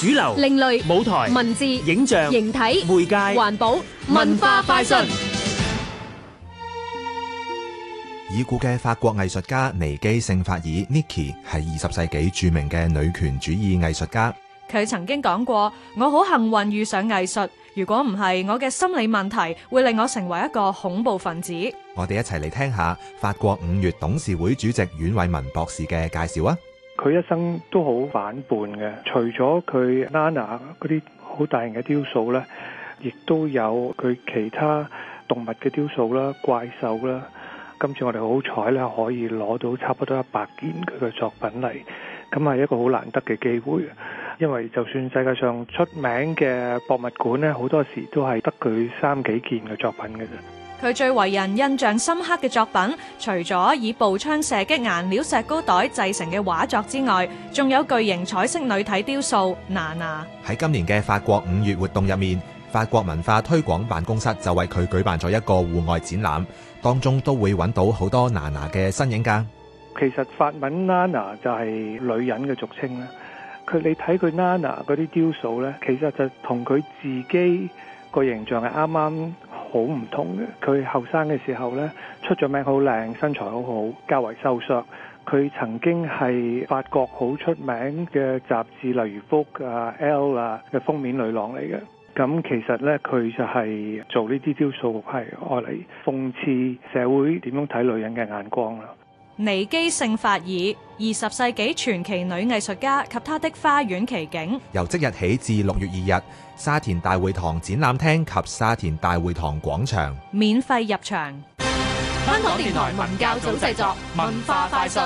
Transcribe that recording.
主流、另類舞台、文字、影像、形體、媒介、環保、文化快訊。已故嘅法國藝術家妮基·聖法爾 （Niki） 係二十世紀著名嘅女權主義藝術家。佢曾經講過：「我好幸運遇上藝術，如果唔係，我嘅心理問題會令我成為一個恐怖分子。」我哋一齊嚟聽下法國五月董事會主席阮偉文博士嘅介紹啊！佢一生都好反叛嘅，除咗佢 Nana 啲好大型嘅雕塑咧，亦都有佢其他動物嘅雕塑啦、怪獸啦。今次我哋好彩咧，可以攞到差不多一百件佢嘅作品嚟，咁係一個好難得嘅機會。因為就算世界上出名嘅博物館咧，好多時都係得佢三幾件嘅作品嘅啫。佢最為人印象深刻嘅作品，除咗以步槍射擊顏料石膏袋製成嘅畫作之外，仲有巨型彩色女體雕塑娜娜。喺今年嘅法國五月活動入面，法國文化推廣辦公室就為佢舉辦咗一個戶外展覽，當中都會揾到好多娜娜嘅身影㗎。其實法文娜娜就係女人嘅俗稱啦。佢你睇佢娜娜嗰啲雕塑呢，其實就同佢自己個形象係啱啱。好唔同嘅，佢後生嘅時候呢，出咗名好靚，身材好好，較為瘦削。佢曾經係法國好出名嘅雜誌，例如《Vogue》啊，《L》啊嘅封面女郎嚟嘅。咁其實呢，佢就係做呢啲雕塑，係愛嚟諷刺社會點樣睇女人嘅眼光啦。尼基·聖法爾二十世紀傳奇女藝術家及她的花園奇景，由即日起至六月二日，沙田大會堂展覽廳及沙田大會堂廣場免費入場。香港電台文教組製作文化快訊。